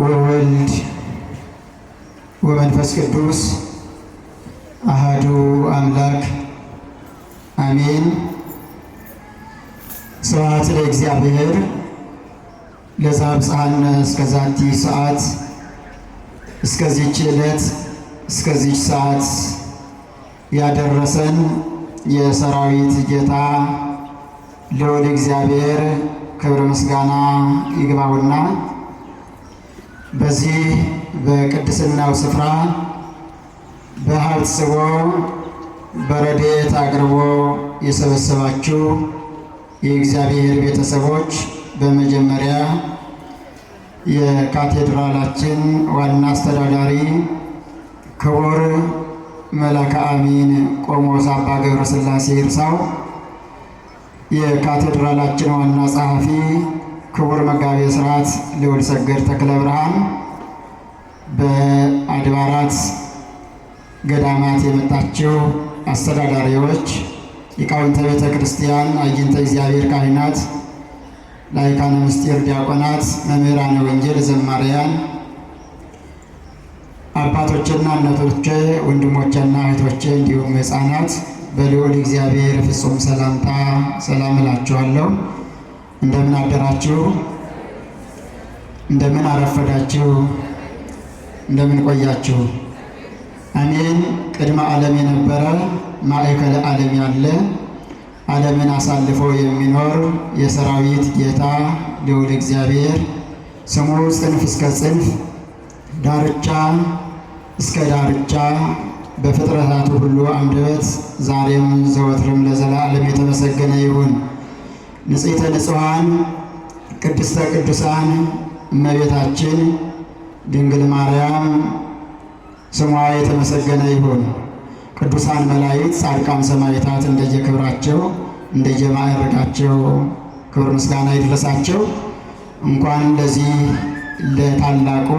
ወወልድ ወመንፈስ ቅዱስ አሃዱ አምላክ አሜን። ስብሐት ለእግዚአብሔር ለዘአብጽሐነ እስከዛቲ ሰዓት፣ እስከዚች ዕለት እስከዚች ሰዓት ያደረሰን የሰራዊት ጌታ ልዑል እግዚአብሔር ክብር ምስጋና ይግባውና በዚህ በቅድስናው ስፍራ በሀብት ስቦ በረድኤት አቅርቦ የሰበሰባችሁ የእግዚአብሔር ቤተሰቦች በመጀመሪያ የካቴድራላችን ዋና አስተዳዳሪ ክቡር መላከ አሚን ቆሞስ አባ ገብረ ሥላሴ ይርሳው፣ የካቴድራላችን ዋና ጸሐፊ ክቡር መጋቢ ስርዓት ልዑል ሰገድ ተክለ ብርሃን በአድባራት ገዳማት የመጣችው አስተዳዳሪዎች፣ ሊቃውንተ ቤተ ክርስቲያን፣ አግኝተ እግዚአብሔር ካህናት፣ ላይካነ ምስጢር ዲያቆናት፣ መምህራነ ወንጌል፣ ዘማሪያን፣ አባቶችና እናቶቼ፣ ወንድሞቼና እህቶቼ እንዲሁም ህፃናት በልዑል እግዚአብሔር ፍጹም ሰላምታ ሰላም እላችኋለሁ። እንደምን አደራችሁ? እንደምን አረፈዳችሁ? እንደምን ቆያችሁ? እኔን ቅድመ ዓለም የነበረ ማዕከለ ዓለም ያለ ዓለምን አሳልፎ የሚኖር የሰራዊት ጌታ ልዑል እግዚአብሔር ስሙ ጽንፍ እስከ ጽንፍ ዳርቻ እስከ ዳርቻ በፍጥረታቱ ሁሉ አንደበት ዛሬም ዘወትርም ለዘላለም የተመሰገነ ይሁን። ንጽሕተ ንጹሐን ቅድስተ ቅዱሳን እመቤታችን ድንግል ማርያም ስሟ የተመሰገነ ይሁን። ቅዱሳን መላእክት፣ ጻድቃን፣ ሰማዕታት እንደየክብራቸው እንደየማዕረጋቸው ክብር ምስጋና ይድረሳቸው። እንኳን ለዚህ ለታላቁ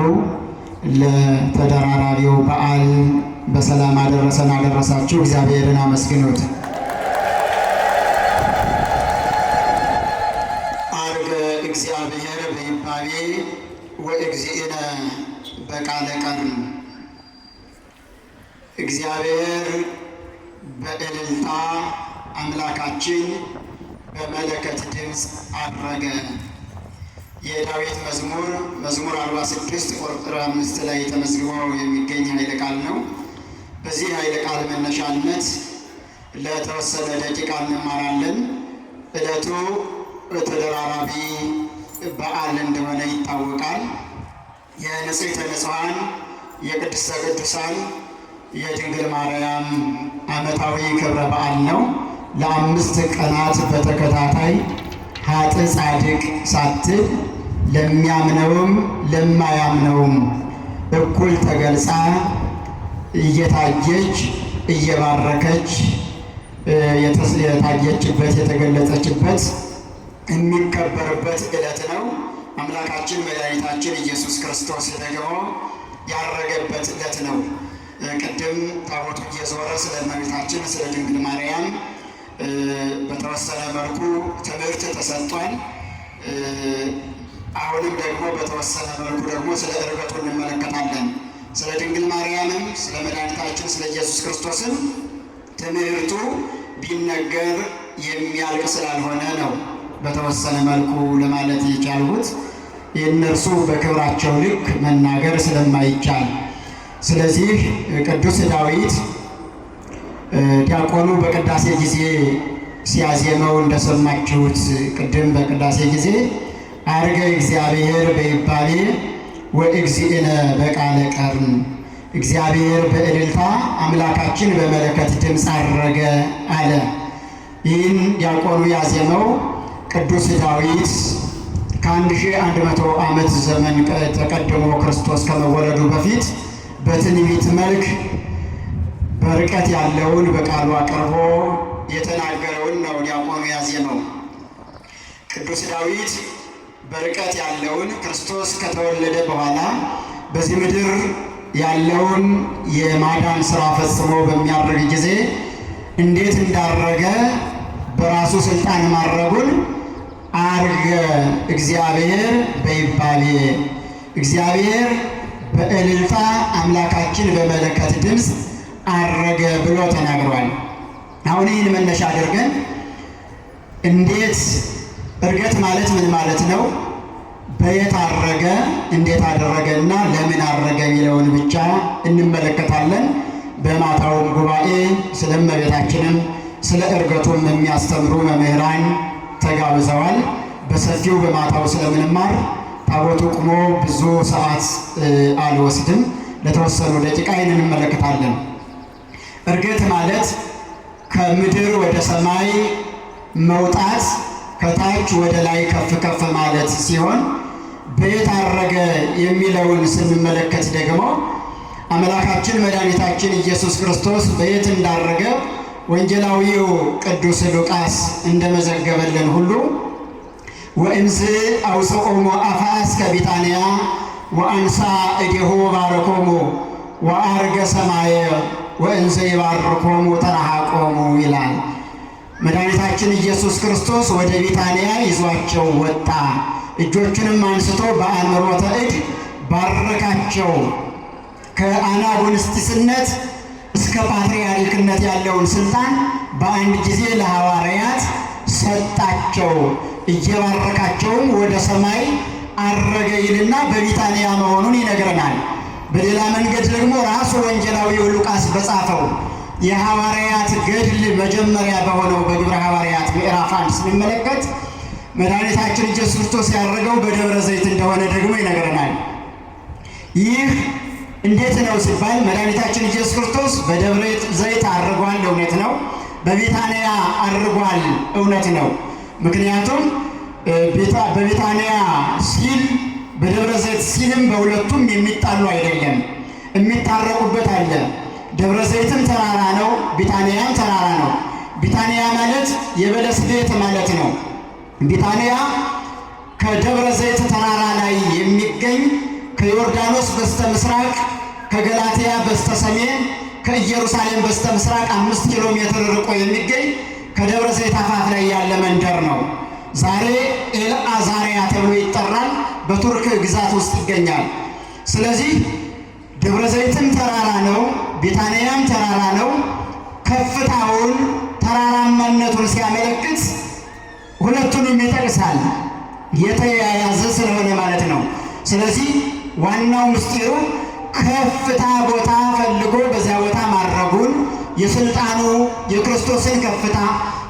ለተደራራቢው በዓል በሰላም አደረሰን አደረሳችሁ። እግዚአብሔርን አመስግኑት። ወእግዚእነ በቃለ ቀርም እግዚአብሔር በእልልታ አምላካችን በመለከት ድምፅ አድረገ። የዳዊት መዝሙር መዝሙር 46 ቁጥር አምስት ላይ ተመዝግቦ የሚገኝ ኃይለ ቃል ነው። በዚህ ኃይለ ቃል መነሻነት ለተወሰነ ደቂቃ እንማራለን። ዕለቱ ተደራራቢ በዓል እንደሆነ ይታወቃል። የንጽሕተ ንጹሐን የቅድስተ ቅዱሳን የድንግል ማርያም ዓመታዊ ክብረ በዓል ነው። ለአምስት ቀናት በተከታታይ ሀጥ ጻድቅ ሳትል ለሚያምነውም ለማያምነውም እኩል ተገልጻ እየታየች እየባረከች የታየችበት የተገለጸችበት የሚከበርበት ዕለት ነው። አምላካችን መድኃኒታችን ኢየሱስ ክርስቶስ ደግሞ ያረገበት ዕለት ነው። ቅድም ታቦቱ እየዞረ ስለ እመቤታችን ስለ ድንግል ማርያም በተወሰነ መልኩ ትምህርት ተሰጥቷል። አሁንም ደግሞ በተወሰነ መልኩ ደግሞ ስለ እርገቱ እንመለከታለን። ስለ ድንግል ማርያምም ስለ መድኃኒታችን ስለ ኢየሱስ ክርስቶስም ትምህርቱ ቢነገር የሚያልቅ ስላልሆነ ነው። በተወሰነ መልኩ ለማለት የቻልሁት የእነርሱ በክብራቸው ልክ መናገር ስለማይቻል፣ ስለዚህ ቅዱስ ዳዊት ዲያቆኑ በቅዳሴ ጊዜ ሲያዜመው እንደሰማችሁት ቅድም በቅዳሴ ጊዜ አርገ እግዚአብሔር በይባቤ ወእግዚእነ በቃለ ቀርን እግዚአብሔር በእልልታ አምላካችን በመለከት ድምፅ አረገ አለ። ይህን ዲያቆኑ ያዜመው ቅዱስ ዳዊት ከአንድ ሺህ አንድ መቶ ዓመት ዘመን ተቀድሞ ክርስቶስ ከመወለዱ በፊት በትንቢት መልክ በርቀት ያለውን በቃሉ አቅርቦ የተናገረውን ነው ዲያቆኑ ያዜመው። ቅዱስ ዳዊት በርቀት ያለውን ክርስቶስ ከተወለደ በኋላ በዚህ ምድር ያለውን የማዳን ስራ ፈጽሞ በሚያደርግ ጊዜ እንዴት እንዳረገ በራሱ ስልጣን ማድረጉን አርገ እግዚአብሔር በይባቤ እግዚአብሔር በእልልታ አምላካችን በመለከት ድምፅ አረገ ብሎ ተናግሯል። አሁን ይህን መነሻ አድርገን እንዴት እርገት ማለት ምን ማለት ነው፣ በየት አረገ፣ እንዴት አደረገ እና ለምን አረገ የሚለውን ብቻ እንመለከታለን። በማታውም ጉባኤ ስለ እመቤታችንም ስለ እርገቱም የሚያስተምሩ መምህራን ተጋብዘዋል። በሰፊው በማታው ስለምንማር ታቦቱ ቁሞ ብዙ ሰዓት አልወስድም። ለተወሰኑ ደቂቃ ይህንን እንመለከታለን። እርግጥ ማለት ከምድር ወደ ሰማይ መውጣት ከታች ወደ ላይ ከፍ ከፍ ማለት ሲሆን በየት አረገ የሚለውን ስንመለከት ደግሞ አምላካችን መድኃኒታችን ኢየሱስ ክርስቶስ በየት እንዳረገ ወንጌላዊው ቅዱስ ሉቃስ እንደመዘገበልን ሁሉ ወእምዝ አውፅኦሙ አፋስ ከቢታንያ ወአንሳ እዴሁ ባረኮሙ ወአርገ ሰማየ ወእንዘ ይባርኮሙ ተረሃቆሙ ይላል። መድኃኒታችን ኢየሱስ ክርስቶስ ወደ ቢታንያ ይዟቸው ወጣ። እጆቹንም አንስቶ በአእምሮተ እድ ባረካቸው። ከአናጉንስጢስነት ፓትርያርክነት ያለውን ስልጣን በአንድ ጊዜ ለሐዋርያት ሰጣቸው። እየባረካቸውም ወደ ሰማይ አረገ ይልና በቢታንያ መሆኑን ይነግረናል። በሌላ መንገድ ደግሞ ራሱ ወንጌላዊው ሉቃስ በጻፈው የሐዋርያት ገድል መጀመሪያ በሆነው በግብረ ሐዋርያት ምዕራፍ አንድ ስንመለከት መድኃኒታችን ኢየሱስ ክርስቶስ ያደረገው በደብረ ዘይት እንደሆነ ደግሞ ይነግረናል። ይህ እንዴት ነው ሲባል መድኃኒታችን ኢየሱስ ክርስቶስ በደብረ ዘይት አድርጓል፣ እውነት ነው። በቤታንያ አድርጓል፣ እውነት ነው። ምክንያቱም በቤታንያ ሲል በደብረ ዘይት ሲልም በሁለቱም የሚጣሉ አይደለም፣ የሚታረቁበት አለ። ደብረ ዘይትም ተራራ ነው፣ ቢታንያም ተራራ ነው። ቢታንያ ማለት የበለስ ቤት ማለት ነው። ቢታንያ ከደብረ ዘይት ተራራ ላይ የሚገኝ ከዮርዳኖስ በስተ ምስራቅ፣ ከገላትያ በስተ ሰሜን፣ ከኢየሩሳሌም በስተ ምስራቅ አምስት ኪሎ ሜትር ርቆ የሚገኝ ከደብረ ዘይት አፋፍ ላይ ያለ መንደር ነው። ዛሬ ኤልአዛሪያ ተብሎ ይጠራል። በቱርክ ግዛት ውስጥ ይገኛል። ስለዚህ ደብረ ዘይትም ተራራ ነው፣ ቤታንያም ተራራ ነው። ከፍታውን ተራራማነቱን ሲያመለክት ሁለቱንም ይጠቅሳል። የተያያዘ ስለሆነ ማለት ነው። ስለዚህ ዋናው ምስጢሩ ከፍታ ቦታ ፈልጎ በዚያ ቦታ ማድረጉን የስልጣኑ የክርስቶስን ከፍታ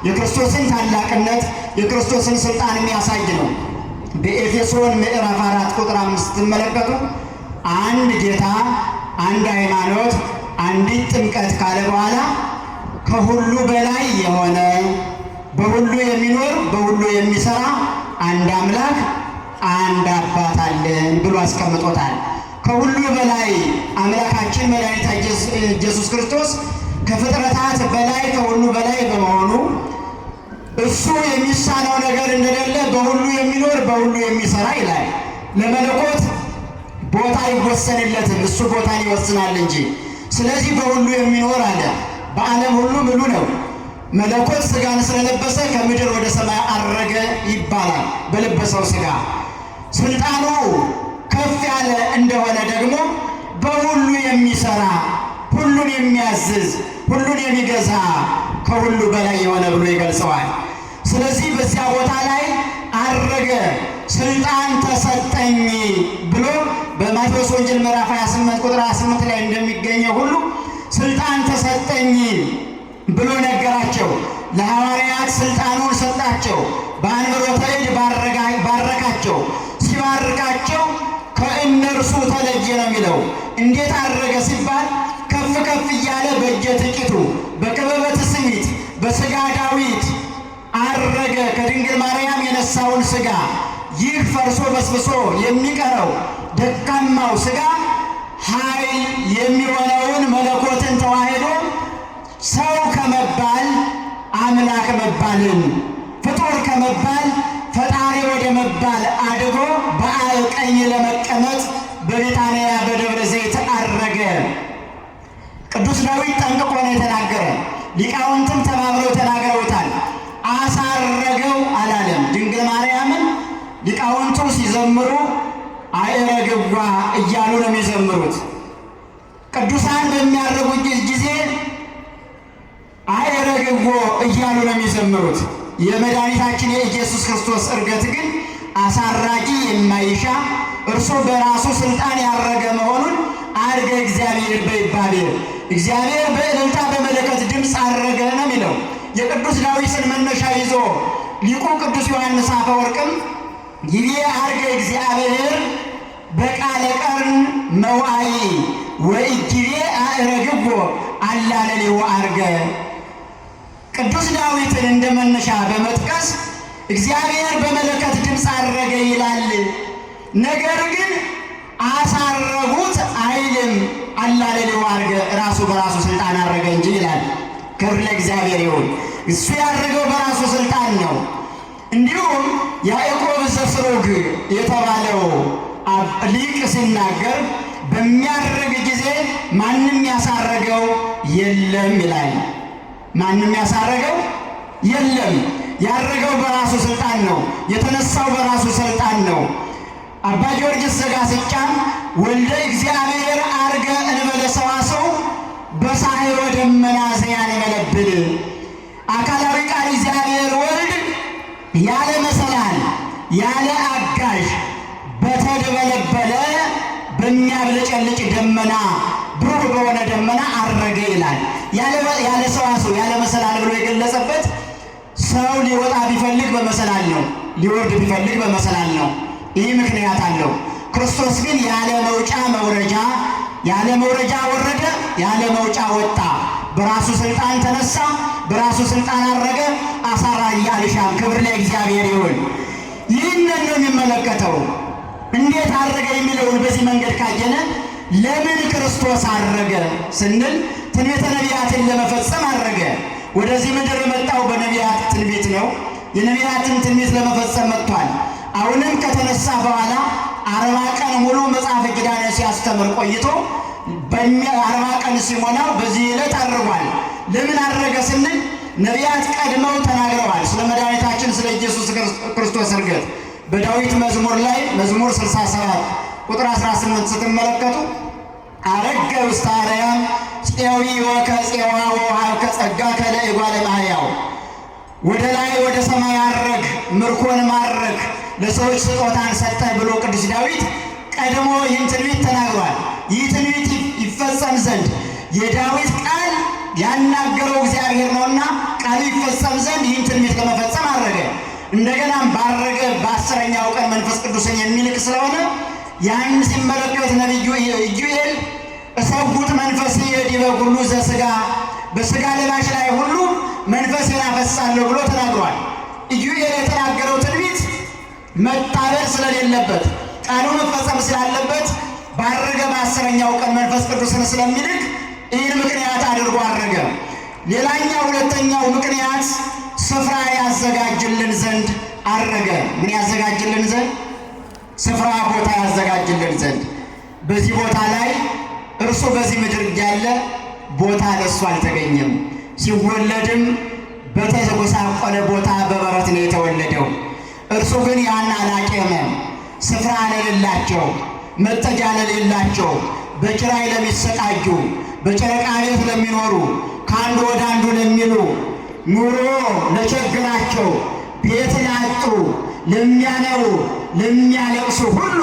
የክርስቶስን ታላቅነት የክርስቶስን ስልጣን የሚያሳይ ነው። በኤፌሶን ምዕራፍ አራት ቁጥር አምስት ስትመለከቱ አንድ ጌታ፣ አንድ ሃይማኖት፣ አንዲት ጥምቀት ካለ በኋላ ከሁሉ በላይ የሆነ በሁሉ የሚኖር በሁሉ የሚሰራ አንድ አምላክ አንድ አባት አለን ብሎ አስቀምጦታል። ከሁሉ በላይ አምላካችን መድኃኒታ ኢየሱስ ክርስቶስ ከፍጥረታት በላይ ከሁሉ በላይ በመሆኑ እሱ የሚሳነው ነገር እንደሌለ በሁሉ የሚኖር በሁሉ የሚሰራ ይላል። ለመለኮት ቦታ ይወሰንለትም እሱ ቦታን ይወስናል እንጂ። ስለዚህ በሁሉ የሚኖር አለ። በዓለም ሁሉ ምሉ ነው። መለኮት ስጋን ስለለበሰ ከምድር ወደ ሰማይ አረገ ይባላል። በለበሰው ስጋ። ስልጣኑ ከፍ ያለ እንደሆነ ደግሞ በሁሉ የሚሰራ ሁሉን የሚያዝዝ ሁሉን የሚገዛ ከሁሉ በላይ የሆነ ብሎ ይገልጸዋል። ስለዚህ በዚያ ቦታ ላይ አረገ፣ ስልጣን ተሰጠኝ ብሎ በማቴዎስ ወንጌል ምዕራፍ 28 ቁጥር 28 ላይ እንደሚገኘው ሁሉ ስልጣን ተሰጠኝ ብሎ ነገራቸው። ለሐዋርያት ስልጣኑን ሰጣቸው። በአንብሮተ እድ ባረካቸው። ሲባርካቸው ከእነርሱ ተለየ ነው የሚለው። እንዴት አደረገ ሲባል ከፍ ከፍ እያለ በእጀ ጥቂቱ በቅበበት ስሚት በስጋ ዳዊት አረገ ከድንግል ማርያም የነሳውን ስጋ! ይህ ፈርሶ በስብሶ የሚቀረው ደካማው ስጋ ኃይል የሚሆነውን መለኮትን ተዋህዶ ሰው ከመባል አምላክ መባልን ፍጡር ከመባል ፈጣሪ ወደ መባል አድጎ በአብ ቀኝ ለመቀመጥ በቤታንያ በደብረ ዘይት አረገ። ቅዱስ ዳዊት ጠንቅቆ ነው የተናገረ። ሊቃውንትም ተባብለው ተናግረውታል። አሳረገው አላለም። ድንግል ማርያምን ሊቃውንቱ ሲዘምሩ አይረግባ እያሉ ነው የሚዘምሩት። ቅዱሳን በሚያረጉ ጊዜ አይረግቦ እያሉ ነው የሚዘምሩት። የመድኃኒታችን የኢየሱስ ክርስቶስ እርገት ግን አሳራጊ የማይሻ እርሱ በራሱ ስልጣን ያረገ መሆኑን አርገ እግዚአብሔር በይባል እግዚአብሔር በእልልታ በመለከት ድምፅ አረገ ነው የሚለው። የቅዱስ ዳዊትን መነሻ ይዞ ሊቁ ቅዱስ ዮሐንስ አፈወርቅም ይቤ አርገ እግዚአብሔር በቃለ ቀርን መዋይ ጊዜ አእረግቦ አላለሌው አርገ ቅዱስ ዳዊትን እንደ መነሻ በመጥቀስ እግዚአብሔር በመለከት ድምፅ አረገ ይላል፣ ነገር ግን አሳረጉት አይልም። አላለሌው አርገ ራሱ በራሱ ስልጣን አረገ እንጂ ይላል። ክብር ለእግዚአብሔር ይሁን። እሱ ያደረገው በራሱ ስልጣን ነው። እንዲሁም ያዕቆብ ዘስሩግ የተባለው ሊቅ ሲናገር በሚያርግ ጊዜ ማንም ያሳረገው የለም ይላል። ማንም ያሳረገው የለም። ያረገው በራሱ ስልጣን ነው። የተነሳው በራሱ ስልጣን ነው። አባ ጊዮርጊስ ዘጋሥጫም ወልደ እግዚአብሔር አርገ እንበለ ሰዋሰው በሳሕሮ ደመና ዘያን ይመለብል አካላዊ ቃል እግዚአብሔር ወልድ ያለ መሰላል ያለ አጋዥ በተደበለበለ በሚያብለጨልጭ ደመና ብሩህ በሆነ ደመና አረገ ይላል። ያለ ሰዋሰው ያለ መሰላል ብሎ የገለጸበት ሰው ሊወጣ ቢፈልግ በመሰላል ነው፣ ሊወርድ ቢፈልግ በመሰላል ነው። ይህ ምክንያት አለው። ክርስቶስ ግን ያለ መውጫ መውረጃ ያለ መውረጃ ወረደ፣ ያለ መውጫ ወጣ። በራሱ ስልጣን ተነሳ፣ በራሱ ስልጣን አረገ። አሳራ እያልሻም ክብር ለእግዚአብሔር ይሁን። ይህንን ነው የሚመለከተው። እንዴት አረገ የሚለውን በዚህ መንገድ ካየነ ለምን ክርስቶስ አረገ ስንል ትንቢተ ነቢያትን ለመፈጸም አረገ። ወደዚህ ምድር የመጣው በነቢያት ትንቢት ነው። የነቢያትን ትንቢት ለመፈጸም መጥቷል። አሁንም ከተነሳ በኋላ አርባ ቀን ሙሉ መጽሐፈ ኪዳነ ሲያስተምር ቆይቶ አርባ ቀን ሲሞላው በዚህ ዕለት አድርጓል። ለምን አድረገ ስንል ነቢያት ቀድመው ተናግረዋል። ስለ መድኃኒታችን ስለ ኢየሱስ ክርስቶስ እርገት በዳዊት መዝሙር ላይ መዝሙር 67 ቁጥር 18 ስትመለከቱ አረገ ውስተ አርያም ፄዊ ውሃ ከፀጋ ጸጋ ከለእጓለ እማሕያው ወደ ላይ ወደ ሰማይ አረግ ምርኮን ማረግ ለሰዎች ስጦታን ሰጠ ብሎ ቅዱስ ዳዊት ቀድሞ ይህን ትንቢት ተናግሯል። ይህ ትንቢት ይፈጸም ዘንድ የዳዊት ቃል ያናገረው እግዚአብሔር ነውና ቃሉ ይፈጸም ዘንድ ይህን ትንቢት ለመፈጸም አረገ። እንደገናም ባረገ በአስረኛው ቀን መንፈስ ቅዱስን የሚልክ ስለሆነ ያን ሲመለከት ነቢዩ ኢዩኤል እሰውት መንፈስ የዲበ ሁሉ ዘስጋ በስጋ ለባሽ ላይ ሁሉ መንፈስ ያፈሳለሁ ብሎ ተናግሯል። ኢዩኤል የተናገረው ትንቢት መጣበር ስለሌለበት ቃሉ መፈጸም ስላለበት ባረገ በአስረኛው ቀን መንፈስ ቅዱስን ስለሚልክ ይህን ምክንያት አድርጎ አድረገ። ሌላኛው ሁለተኛው ምክንያት ስፍራ ያዘጋጅልን ዘንድ አረገ። ምን ያዘጋጅልን ዘንድ ስፍራ ቦታ ያዘጋጅልን ዘንድ በዚህ ቦታ ላይ እርሱ በዚህ ምድር እያለ ቦታ ለእሱ አልተገኘም። ሲወለድም በተጎሳቆለ ቦታ በበረት ነው የተወለደው። እርሱ ግን ያን አላቄመም። ስፍራ ለሌላቸው፣ መጠጃ ለሌላቸው፣ በጭራይ ለሚሰቃጁ በጨረቃ ቤት ለሚኖሩ፣ ከአንዱ ወደ አንዱ ለሚሉ፣ ኑሮ ለቸግራቸው፣ ቤት ላጡ፣ ለሚያነቡ ለሚያለቅሱ ሁሉ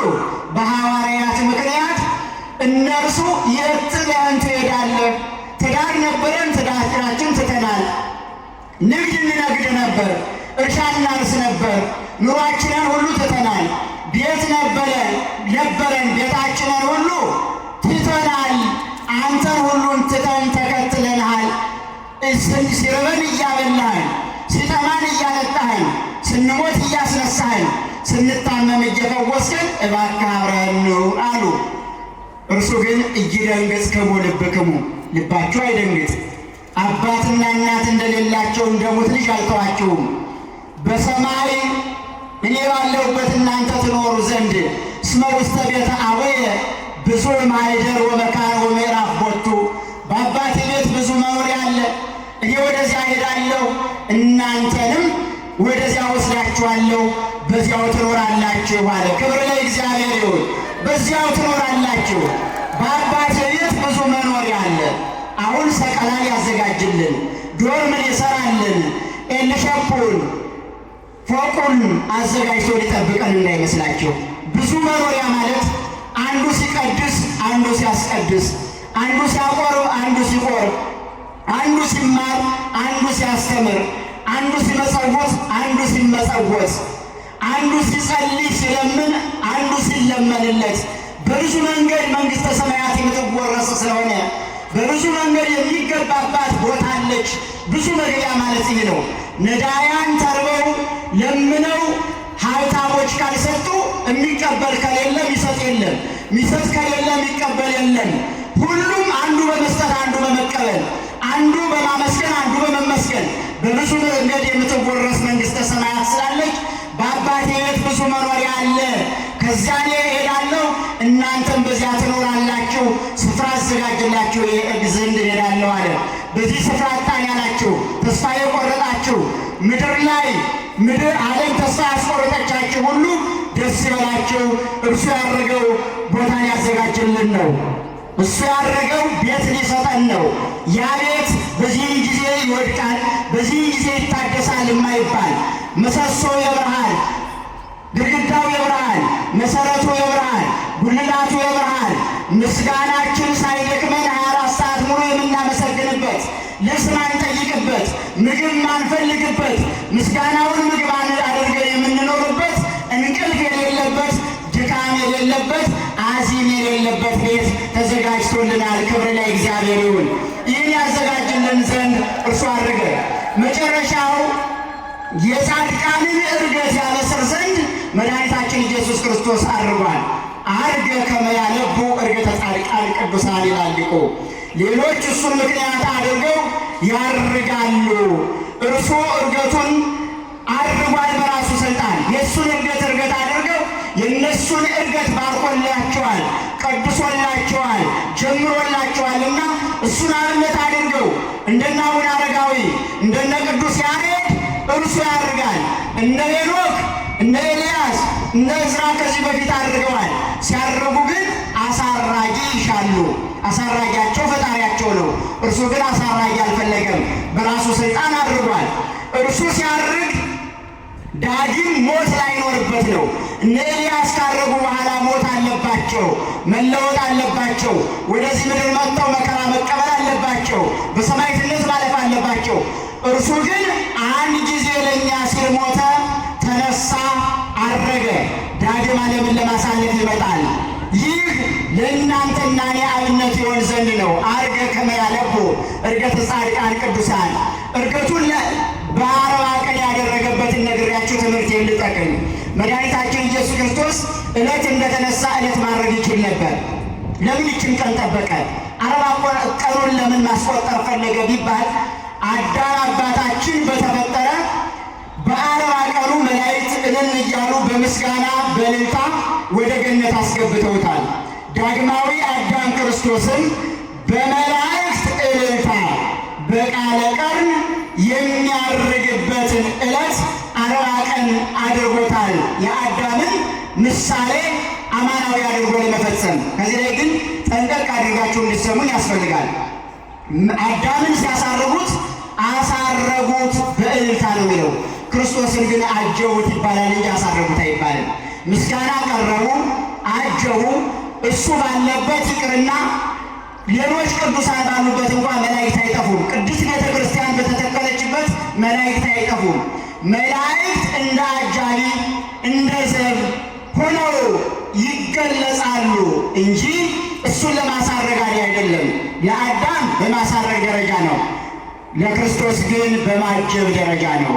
በሐዋርያት ምክንያት እነርሱ የት ለምን ትሄዳለህ? ትዳር ነበረን፣ ትዳራችን ትተናል። ንግድ እንነግድ ነበር፣ እርሻ እናርስ ነበር፣ ኑሯችንን ሁሉ ትተናል። ቤት ነበረን ነበረን፣ ቤታችንን ሁሉ ትተናል። አንተን ሁሉን ትተን ተከትለንሃል። ሲርበን እያበላህን፣ ሲጠማን እያጠጣህን፣ ስንሞት እያስነሳህን ስንታመም እየፈወስን እባክህ አብረን አሉ። እርሱ ግን ኢይደንግጽ ክሙ ልብክሙ፣ ልባችሁ አይደንግጽ፣ አባትና እናት እንደሌላቸው እንደ ሙት ልጅ አልተዋችሁም። በሰማይ እኔ ባለሁበት እናንተ ትኖሩ ዘንድ እስመ ውስተ ቤተ አቡየ ብዙ ማኅደር ወመካን ምዕራፍ ቦቱ፣ በአባቴ ቤት ብዙ መኖሪያ አለ። እኔ ወደዚያ ሄዳለሁ፣ እናንተንም ወደዚያ ወስዳችኋለሁ በዚያው ትኖራላችሁ አለ። ክብር ለእግዚአብሔር ይሁን። በዚያው ትኖራላችሁ። በአባቴ ቤት ብዙ መኖሪያ አለ። አሁን ሰቀላን ያዘጋጅልን፣ ዶርምን ይሰራልን፣ ኤልሸፑን ፎቁን አዘጋጅቶ ሊጠብቀን እንዳይመስላችሁ። ብዙ መኖሪያ ማለት አንዱ ሲቀድስ፣ አንዱ ሲያስቀድስ፣ አንዱ ሲያቆር አንዱ ሲቆር አንዱ ሲማር፣ አንዱ ሲያስተምር፣ አንዱ ሲመጸወት፣ አንዱ ሲመጸወት አንዱ ሲጸልይ ሲለምን፣ አንዱ ሲለመንለት በብዙ መንገድ መንግሥተ ሰማያት የምትወረስ ስለሆነ በብዙ መንገድ የሚገባባት ቦታ አለች። ብዙ መገቢያ ማለት ይህ ነው። ነዳያን ተርበው ለምነው ሀብታሞች ካልሰጡ የሚቀበል ከሌለ ሚሰጥ የለም፣ ሚሰጥ ከሌለ የሚቀበል የለም። ሁሉም አንዱ በመስጠት አንዱ በመቀበል፣ አንዱ በማመስገን አንዱ በመመስገን በብዙ መንገድ የምትወረስ መንግሥተ ሰማያት ስላለች በአባቴ ቤት ብዙ መኖሪያ አለ፣ ከዚያ እኔ እሄዳለሁ፣ እናንተም በዚያ ትኖራላችሁ፣ ስፍራ አዘጋጅላችሁ የእግ ዘንድ እሄዳለሁ አለ። በዚህ ስፍራ አጣን ያላችሁ ተስፋ የቆረጣችሁ ምድር ላይ ምድር ዓለም ተስፋ ያስቆረጠቻችሁ ሁሉ ደስ ይበላችሁ፣ እርሱ ያደረገው ቦታን ያዘጋጅልን ነው። እሱ ያደረገው ቤት ሊሰጠን ነው። ያ ቤት በዚህ ጊዜ ይወድቃል፣ በዚህ ጊዜ ይታደሳል የማይባል ምሰሶ የብርሃን ግድግዳው የብርሃን መሰረቱ የብርሃን ጉልላቱ የብርሃን ምስጋናችን ሳይደክመን ሀያ አራት ሰዓት ሙሉ የምናመሰግንበት ልብስ ማንጠይቅበት ምግብ ማንፈልግበት ምስጋናውን ምግብ አድርገን የምንኖርበት እንቅልፍ የሌለበት ድካም የሌለበት አዚም የሌለበት ቤት ተዘጋጅቶልናል። ክብር ለእግዚአብሔር ይሁን። ይህን ያዘጋጅልን ዘንድ እርሱ አድርገ መጨረሻው የጻድቃንን እርገት ያበስር ዘንድ መድኃኒታችን ኢየሱስ ክርስቶስ አድርጓል። አርገ ከመያለቡ እርገተ ጻድቃን ቅዱሳን ይላል ሊቁ። ሌሎች እሱን ምክንያት አድርገው ያርጋሉ። እርሱ እርገቱን አድርጓል በራሱ ስልጣን። የእሱን እርገት እርገት አድርገው የእነሱን ዕርገት ባርኮላቸዋል። ቀድሶላቸዋል፣ ጀምሮላቸዋልና እሱን አብነት አድርገው እንደነ አቡነ አረጋዊ እንደነ ቅዱስ ያሬድ እርሱ ያድርጋል። እነ ሄኖክ እነ ኤልያስ እነ ዕዝራ ከዚህ በፊት አድርገዋል። ሲያደርጉ ግን አሳራጊ ይሻሉ። አሳራጊያቸው ፈጣሪያቸው ነው። እርሱ ግን አሳራጊ አልፈለገም፣ በራሱ ስልጣን አድርጓል። እርሱ ሲያርግ ዳግም ሞት ላይኖርበት ነው። እነኤልያስ ካረጉ በኋላ ሞት አለባቸው፣ መለወጥ አለባቸው። ወደዚህ ምድር መጥተው መከራ መቀበል አለባቸው፣ በሰማዕትነት ማለፍ አለባቸው። እርሱ ግን አንድ ጊዜ ለእኛ ሲል ሞተ፣ ተነሳ፣ አረገ። ዳግም ዓለምን ለማሳለፍ ይመጣል። ይህ ለእናንተና እኔ አብነት ይሆን ዘንድ ነው። አርገ ከመ ያለቡ ዕርገተ ጻድቃን ቅዱሳን እርገቱን በአረብ አቀድ ያደረገበትን ነግሬያችሁ ትምህርቴን ልጠቅም። መድኃኒታችን ኢየሱስ ክርስቶስ እለት እንደተነሳ እለት ማድረግ ይችል ነበር። ለምን ይችን ቀን ጠበቀ? አርባ ቀኑን ለምን ማስቆጠር ፈለገ ቢባል አዳም አባታችን በተፈጠረ በአርባ ቀኑ መላእክት እልል እያሉ በምስጋና በእልልታ ወደ ገነት አስገብተውታል። ዳግማዊ አዳም ክርስቶስን በመላእክት እልልታ በቃለ ቀርን የሚያርግበትን ዕለት አርባ ቀን አድርጎታል። የአዳምን ምሳሌ አማናዊ አድርጎ ለመፈጸም ከዚህ ላይ ግን ጠንቀቅ አድርጋችሁ እንዲሰሙን ያስፈልጋል። አዳምን ሲያሳርጉት አሳረጉት በእልታ ነው የሚለው። ክርስቶስን ግን አጀቡት ይባላል እንጂ አሳረጉት አይባልም። ምስጋና ቀረቡ፣ አጀቡ። እሱ ባለበት ይቅርና ሌሎች ቅዱሳን ባሉበት እንኳ መላእክት አይጠፉም። ቅድስት ቤተ ክርስቲያን ባሉበት መላእክት አይጠፉም። መላእክት እንደ አጃቢ እንደ ዘብ ሆነው ይገለጻሉ እንጂ እሱን ለማሳረግ አይደለም። ለአዳም በማሳረግ ደረጃ ነው፣ ለክርስቶስ ግን በማጀብ ደረጃ ነው።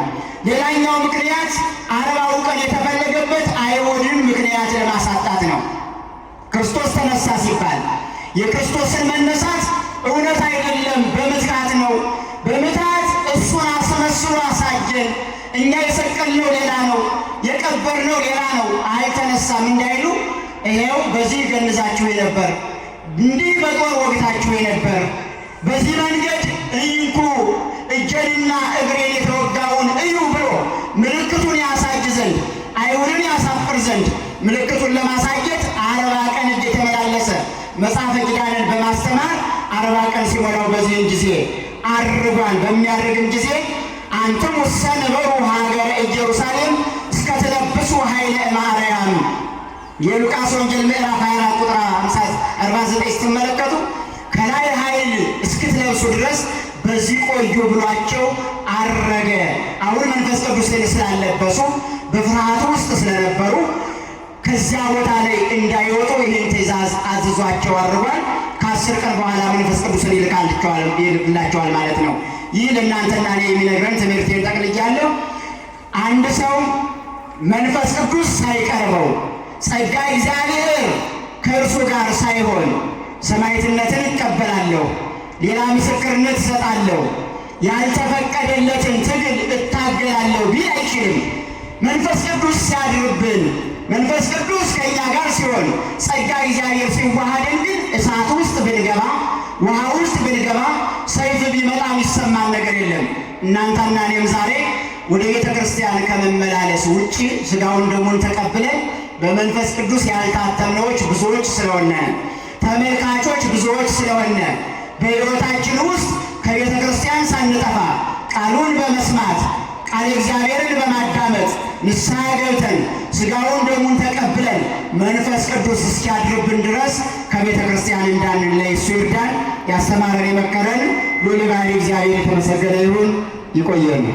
ሌላኛው ምክንያት አርባው ቀን የተፈለገበት አይሁድን ምክንያት ለማሳጣት ነው። ክርስቶስ ተነሳ ሲባል የክርስቶስን መነሳት እውነት አይደለም፣ በምትሃት ነው በምትሃት ነው ሌላ ነው አልተነሳም እንዳይሉ ይሄው በዚህ ገንዛችሁ የነበር እንዲህ በጦር ወግታችሁ የነበር በዚህ መንገድ እንኩ እጄንና እግሬን የተወጋውን እዩ ብሎ ምልክቱን ያሳጅ ዘንድ አይሁድን ያሳፍር ዘንድ ምልክቱን ለማሳየት አርባ ቀን እጅ የተመላለሰ መጽሐፈ ኪዳንን በማስተማር አርባ ቀን ሲሞላው በዚህን ጊዜ አርጓን በሚያደርግም ጊዜ አንተ ወሰን ሀገር ሀገረ ኢየሩሳሌም ቀሲሱ ኃይለ ማርያም የሉቃስ ወንጌል ምዕራፍ 24 ቁጥር 549 ስትመለከቱ ከላይ ኃይል እስክትለብሱ ድረስ በዚህ ቆዩ ብሏቸው አረገ። አሁን መንፈስ ቅዱስን ስላለበሱ በፍርሃቱ ውስጥ ስለነበሩ ከዚያ ቦታ ላይ እንዳይወጡ ይህን ትእዛዝ አዝዟቸው አድርጓል። ከአስር ቀን በኋላ መንፈስ ቅዱስን ይልክላቸዋል ማለት ነው። ይህ ለእናንተና እኔ የሚነግረን ትምህርቴን ጠቅልያለሁ። አንድ ሰው መንፈስ ቅዱስ ሳይቀርበው ጸጋ እግዚአብሔር ከእርሱ ጋር ሳይሆን ሰማዕትነትን እቀበላለሁ፣ ሌላ ምስክርነት እሰጣለሁ፣ ያልተፈቀደለትን ትግል እታገላለሁ ቢል አይችልም። መንፈስ ቅዱስ ሲያድርብን፣ መንፈስ ቅዱስ ከእኛ ጋር ሲሆን፣ ጸጋ እግዚአብሔር ሲዋሃድን ግን እሳት ውስጥ ብንገባ፣ ውሃ ውስጥ ብንገባ፣ ሰይፍ ቢመጣ የሚሰማን ነገር የለም። እናንተና እኔም ዛሬ ወደ ቤተ ክርስቲያን ከመመላለስ ውጭ ስጋውን ደሙን ተቀብለን በመንፈስ ቅዱስ ያልታተምነዎች ብዙዎች ስለሆነ ተመልካቾች ብዙዎች ስለሆነ በሕይወታችን ውስጥ ከቤተ ክርስቲያን ሳንጠፋ ቃሉን በመስማት ቃል እግዚአብሔርን በማዳመጥ ንስሐ ገብተን ስጋውን ደሙን ተቀብለን መንፈስ ቅዱስ እስኪያድርብን ድረስ ከቤተ ክርስቲያን እንዳንለይ እሱ ይርዳን። ያስተማረን የመከረን ሉል እግዚአብሔር የተመሰገነ ይሁን። ይቆየን።